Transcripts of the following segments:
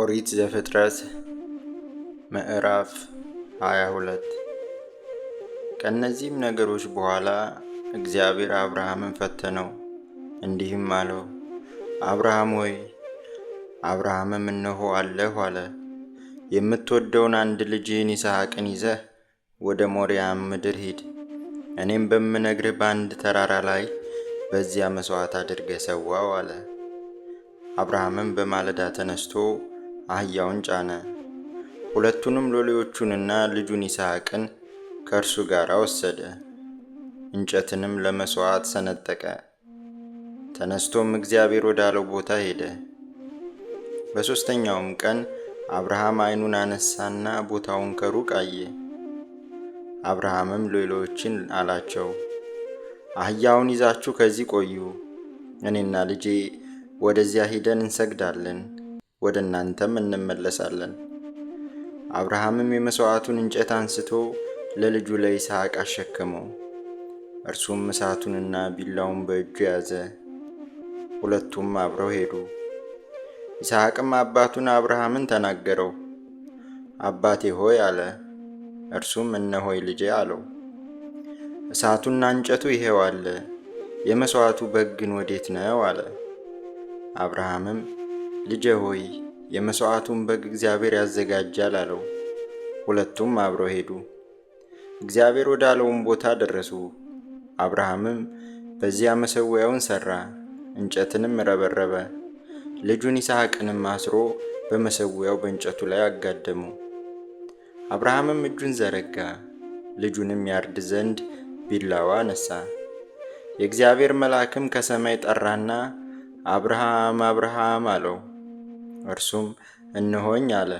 ኦሪት ዘፍጥረት ምዕራፍ 22 ከእነዚህም ነገሮች በኋላ እግዚአብሔር አብርሃምን ፈተነው፣ እንዲህም አለው፣ አብርሃም ሆይ። አብርሃምም እነሆ አለሁ አለ። የምትወደውን አንድ ልጅህን ይስሐቅን ይዘህ ወደ ሞሪያም ምድር ሂድ፣ እኔም በምነግርህ በአንድ ተራራ ላይ በዚያ መሥዋዕት አድርገ ሰዋው አለ። አብርሃምም በማለዳ ተነስቶ አህያውን ጫነ፣ ሁለቱንም ሎሌዎቹንና ልጁን ይስሐቅን ከእርሱ ጋር ወሰደ። እንጨትንም ለመሥዋዕት ሰነጠቀ። ተነስቶም እግዚአብሔር ወዳለው ቦታ ሄደ። በሦስተኛውም ቀን አብርሃም ዐይኑን አነሳና ቦታውን ከሩቅ አየ። አብርሃምም ሎሌዎችን አላቸው፣ አህያውን ይዛችሁ ከዚህ ቆዩ፣ እኔና ልጄ ወደዚያ ሂደን እንሰግዳለን፣ ወደ እናንተም እንመለሳለን። አብርሃምም የመሥዋዕቱን እንጨት አንስቶ ለልጁ ለይስሐቅ አሸከመው። እርሱም እሳቱንና ቢላውን በእጁ ያዘ። ሁለቱም አብረው ሄዱ። ይስሐቅም አባቱን አብርሃምን ተናገረው። አባቴ ሆይ አለ። እርሱም እነሆይ ልጄ አለው። እሳቱና እንጨቱ ይሄው አለ፣ የመሥዋዕቱ በግ ግን ወዴት ነው አለ። አብርሃምም ልጄ ሆይ የመሥዋዕቱን በግ እግዚአብሔር ያዘጋጃል አለው። ሁለቱም አብረው ሄዱ። እግዚአብሔር ወዳለውን ቦታ ደረሱ። አብርሃምም በዚያ መሠዊያውን ሠራ፣ እንጨትንም ረበረበ። ልጁን ይስሐቅንም አስሮ በመሠዊያው በእንጨቱ ላይ አጋደሙ። አብርሃምም እጁን ዘረጋ፣ ልጁንም ያርድ ዘንድ ቢላዋ አነሳ። የእግዚአብሔር መልአክም ከሰማይ ጠራና አብርሃም አብርሃም አለው። እርሱም እነሆኝ አለ።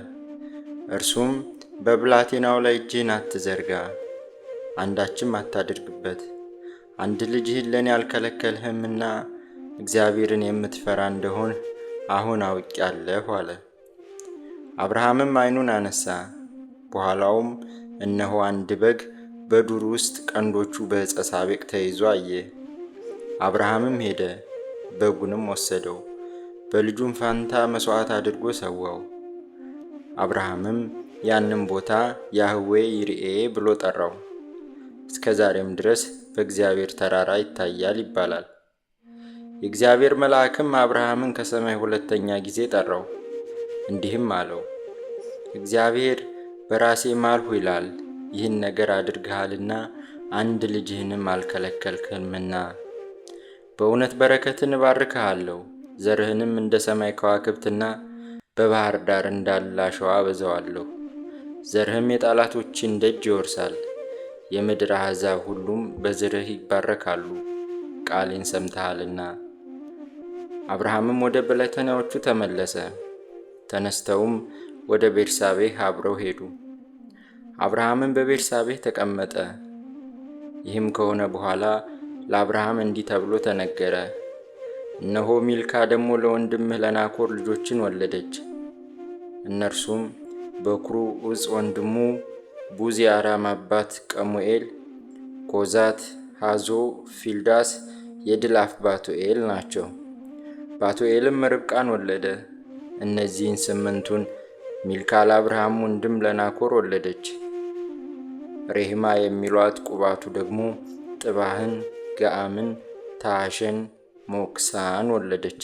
እርሱም በብላቴናው ላይ እጅህን አትዘርጋ፣ አንዳችም አታድርግበት። አንድ ልጅህን ለእኔ አልከለከልህምና እግዚአብሔርን የምትፈራ እንደሆን አሁን አውቄአለሁ አለ። አብርሃምም ዓይኑን አነሳ፣ በኋላውም እነሆ አንድ በግ በዱር ውስጥ ቀንዶቹ በዕፀ ሳቤቅ ተይዞ አየ። አብርሃምም ሄደ በጉንም ወሰደው፣ በልጁም ፋንታ መስዋዕት አድርጎ ሰዋው። አብርሃምም ያንም ቦታ ያህዌ ይርኤ ብሎ ጠራው። እስከ ዛሬም ድረስ በእግዚአብሔር ተራራ ይታያል ይባላል። የእግዚአብሔር መልአክም አብርሃምን ከሰማይ ሁለተኛ ጊዜ ጠራው፣ እንዲህም አለው እግዚአብሔር በራሴ ማልሁ ይላል፣ ይህን ነገር አድርግሃልና አንድ ልጅህንም አልከለከልክምና በእውነት በረከትን እባርክሃለሁ፣ ዘርህንም እንደ ሰማይ ከዋክብትና በባህር ዳር እንዳለ አሸዋ አበዛዋለሁ። ዘርህም የጠላቶችን ደጅ ይወርሳል። የምድር አሕዛብ ሁሉም በዝርህ ይባረካሉ፣ ቃሌን ሰምተሃልና። አብርሃምም ወደ ብለተናዎቹ ተመለሰ። ተነስተውም ወደ ቤርሳቤህ አብረው ሄዱ። አብርሃምም በቤርሳቤህ ተቀመጠ። ይህም ከሆነ በኋላ ለአብርሃም እንዲህ ተብሎ ተነገረ፣ እነሆ ሚልካ ደግሞ ለወንድምህ ለናኮር ልጆችን ወለደች። እነርሱም በኩሩ ዕፅ ወንድሙ ቡዝ፣ የአራም አባት ቀሙኤል፣ ኮዛት፣ ሃዞ፣ ፊልዳስ፣ የድላፍ ባቶኤል ባቱኤል ናቸው። ባቱኤልም ርብቃን ወለደ። እነዚህን ስምንቱን ሚልካ ለአብርሃም ወንድም ለናኮር ወለደች። ሬህማ የሚሏት ቁባቱ ደግሞ ጥባህን ገአምን ታሽን ሞክሳን ወለደች።